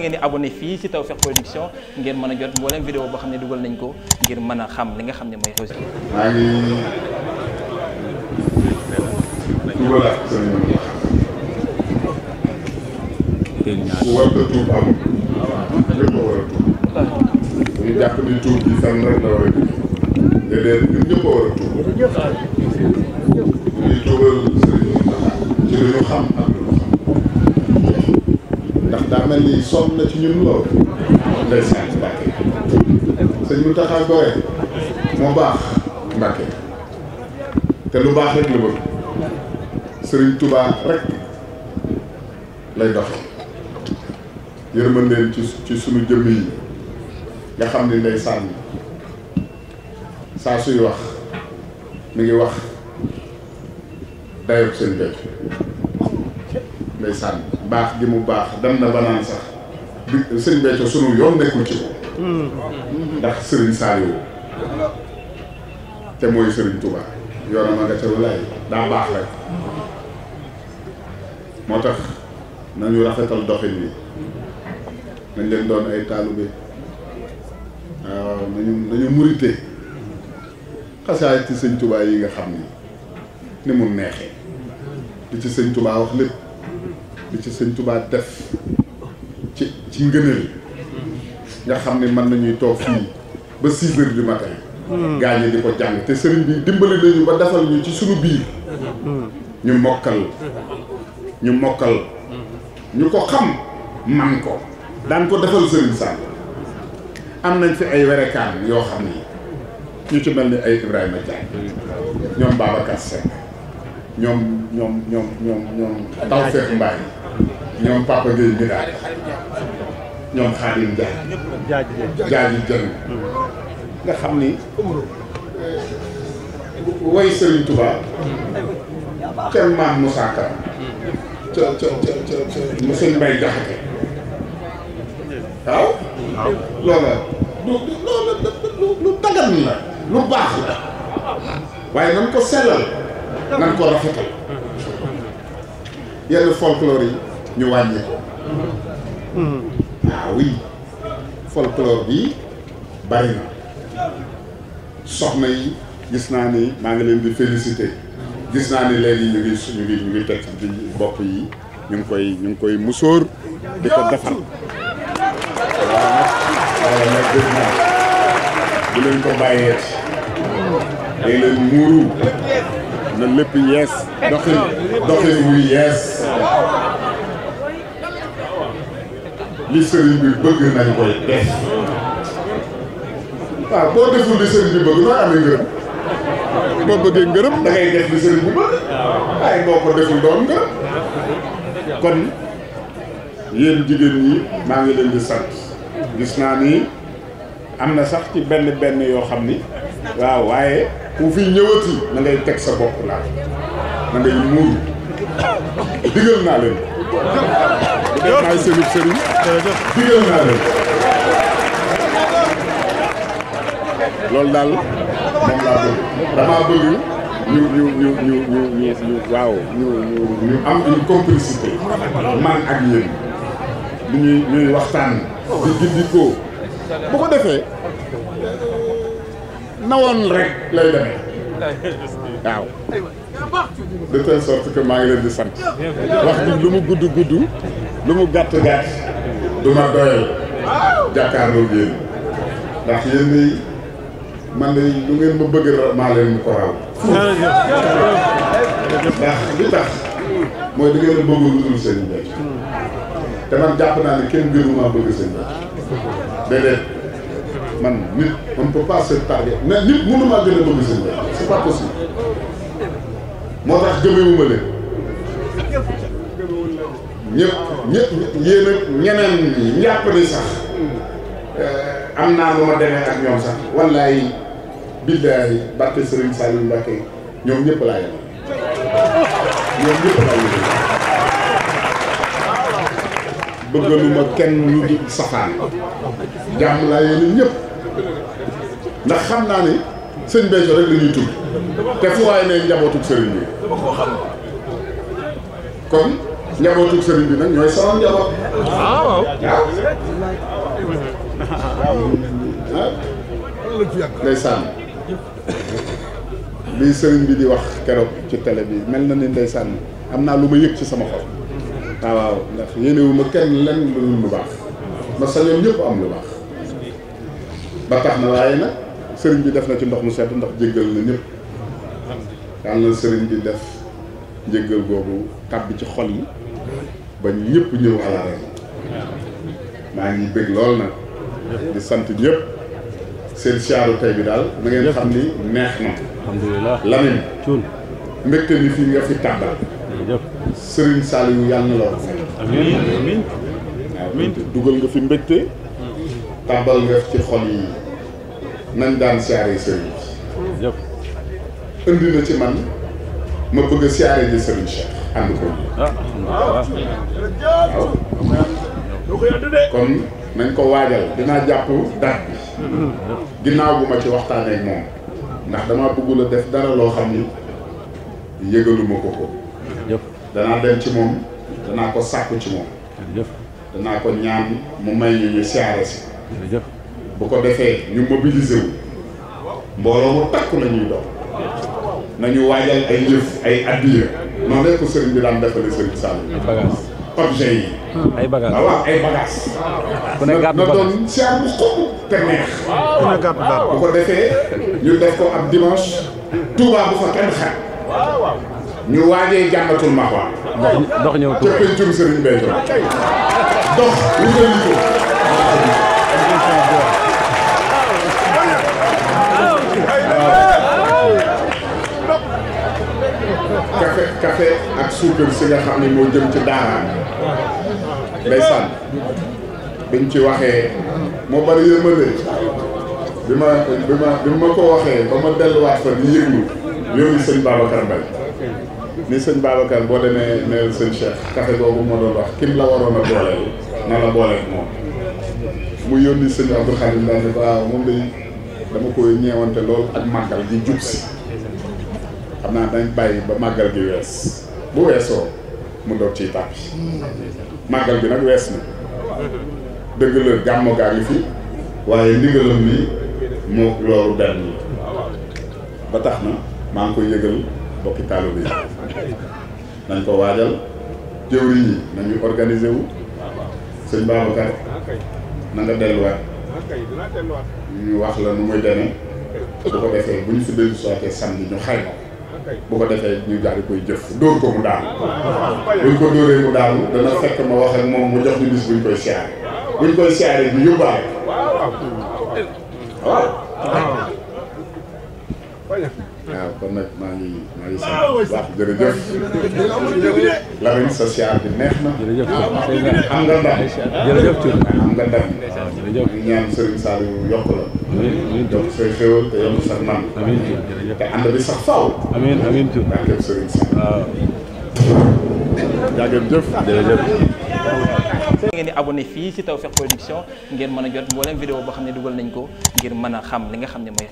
ngeen di abone fii ci Tawfekh Production ngeen mën a jot mboolem vidéo boo xam ne dugal nañ ko ngir mën a xam li nga xam ne mooy xew maa ngi dugal ak ku war a tuub am lépp a ni tuub bi fan rek la war a tuub déedéet war a tuub ñu tuubal sëriñ ci li ñu xam ndax daa mel ni sonn na ci ñun lool ndeysaan Mbàkke sëñ Muntaxa Gore moo baax Mbàkke te lu baax rek la bëgg sëriñ Touba rek lay dox yërmandeen ci ci sunu jëmm yi nga xam ni ndeysaan saa suy wax mu ngi wax dayob seen béy ndeysaan baax gi mu baax dem na ba sax bi sëñ Béthio sunu yoon nekkul ci ko ndax Serigne Saliou te mooy Serigne Touba yoonam a nga ca lu daa baax rek moo tax nañu rafetal doxin bi nañ leen doon ay taalube waaw nañu nañu murite xasaay ci sëñ Touba yi nga xam ni ni mu neexee li ci sëñ Touba wax lépp li ci sëñ Touba def ci ci ngëneel nga xam ne mën nañuy toog fii ba six heures du matin hmm. gaañe di ko jàng te sëriñ bi dimbali nañu ba defal ñu ci suñu biir hmm. ñu mokkal ñu mokkal ñu ko xam man ko daan ko defal sëriñ Sall am nañ fi ay werekaan yoo xam ni ñu ci mel ni ay Ibrahima Diagne ñoom Babacar Seck ñoom ñoom ñoom ñoom ñoom Tawfekh Mbaye ñoom Papa Gueye bi ñoom Xaadim Jaaj Jaaj Jën nga xam ni way Serigne Touba kenn maam Moussa Ka ca Jaxate waaw loola lu lu lu dagan la lu baax la waaye nan ko sellal nan ko rafetal yenn folklore ñu wàññi ko waaw ah folklore bi bari soxna yi gis naa ni maa ngi leen di félicité gis naa ni léegi ñu ngi ñu ñu ngi teg ci bopp yi ñu ngi koy ñu ngi koy musóor di ko defal waaw nag gis naa bu leen ko bàyyee day leen muuru na lépp yees doxin doxin wu yees li sëriñ bi bëgg nañ koy def waaw boo deful li sëriñ bi bëgg nooy amee ngërëm boo bëggee ngërëm da ngay def li sëriñ bi bëgg waaye boo ko deful doon ngërëm kon yéen jigéen yi maa ngi leen di sant gis naa ni am na sax ci benn benn yoo xam ni waaw waaye ku fi ñëwati na ngay teg sa bopp laa na muur digal naa leen man maay seen naa leen daal moom laa bëgg damaa bëgg ñu ñu ñu ñu ñu ñu ñu waaw ñu ñu ñu am une complicité man ak yéen lu ñuy ñuy waxtaan di gindikoo bu ko defee nawoon rek lay demee waaw de telle sorte que maa di sant wax lu mu gudd gudd lu mu gàtt gàtt du ma doyal jàkkaarloo yéen ndax yéen day man de lu ngeen ma bëgg maa leen ko raw ndax li tax mooy da ngeen a bëgg lu dul seen njëriñ te man jàpp naa ne kenn gënu maa bëgg seen njëriñ déedéet man nit on ne peut pas nit mënu maa gën a bëgg sëñ bi c'est pas possible moo tax gëmewuma leen ñëpp ñëpp yéen ñeneen ñi ñàpp sax euh, am naa lu ma demee ak ñoom sax wallaay billaay barke Serigne Saliou Mbacké ñoom ñëpp laa yem ñoom ñëpp laa yem bëggaluma kenn lu dul safaan jàmm laa yéene ñëpp ndax xam naa ni sëñ Béthio rek la ñuy te fu waay ne njabootug sëriñ bi kon njabootug sëriñ bi nag ñooy sama njaboot waaw ndeysaan lii sëriñ bi di wax keroog ci télé bi mel na ni ndeysaan am naa lu ma yëg ci sama xol waaw ndax yéenewuma kenn lenn lu lu baax ma sañoon ñëpp am lu baax ba tax na waaye nag sëriñ bi def na ci ndox mu sedd ndax jéggal na ñëpp yàlla na sëriñ bi def njéggal googu tàbbi ci xol yi ba ñëpp ñëw alaare maa ngi bëgg lool nag di sant ñëpp seen siyaaru tey bi daal na ngeen xam ni neex na alhamdulilah lamin mbégte fii nga fi tàbbal sëriñ Saliou yàlla na la wax amiin dugal nga fi mbégte tàbbal nga ci xol yi nañ daan siyaare sëriñ bi indi na ci man ma bëgg a siyaare ji sëriñ Cheikh ko ah, waaw kon nañ ko waajal dinaa jàpp date bi ginnaaw bu ma ci waxtaanee ak moom ndax damaa bëggul a def dara loo xam ni yëgaluma ko ko danaa dem ci moom danaa ko sàkku ci moom danaa ko ñaan mu may ñu ñu siyaare si jërëjëf bu ko defee ñu mobiliser wu mbooloo mu takk la dox nañu waajal ay yëf ay addiya noonu rek ko sëriñ bi daan defale sëriñ Sall objet ay bagages ah waaw ay na doon siyaar bu xóot te neex ku ne gàtt bu ko defee ñu def ko ab dimanche Touba bu fa kenn xat ñu waajee jàmbatul maxwa dox ñëw Touba ca pencum sëriñ Béthio dox wutal ko café café ak suukar si nga xam ne moo jëm ci daara ndeysaan biñ ci waxee moo bari yërmande bi ma bi ma bi ma ko waxee ba ma delluwaat fa di yëglu yónni sëñ Babacar Mbaye ni sëñ Babacar boo demee neel sëñ Cheikh café boobu moo doon wax kim la waroon a booleel na la booleel moom mu yónni sëñ Abdou Khadim daal ne waaw moom day dama koy ñeewante lool ak màggal di jub si naa dañ bàyyi ba màggal gi wees bu weesoo mu doog ciy tàpp màggal gi nag wees na dëgg la gàmmo gaa ngi fi waaye ndigalam ni moo loolu benn ba tax na maa ngi koy yëgal bokki taalibe yi nañ ko waajal jëwriñ yi nañu organisé wu sëñ Babacar na nga delluwaat ñu wax la nu muy demee bu ko defee bu ñu fi dellu soitee samedi ñu xayma bu ko defee ñu daal koy jëf dóor ko mu daanu buñ ko dóoree mu daanu dana fekk ma wax ak moom mu jox ñu bis buñ koy siyaare buñ koy siyaare bi yóbbaale waaw waaw ah, kon nag maa ngi maa ngi sant ah, bu baax jërëjëf. Lamine social bi neex na. jërëjëf ah, am nga ndam. jërëjëf am nga ndam. jërëjëf ñu ñaan Serigne Saliou yokk la. amiin yokk say xéwal te yokk sa nam. amiin jërëjëf te ànd bi sax faaw. amiin amiin tur. jërëjëf Serigne Saliou. waaw. jaajëf jërëjëf. ngeen di abonné fii ci Tawfekh Production ngeen mën a jot mboolem vidéo boo xam ne dugal nañ ko ngir mën a xam li nga xam ne mooy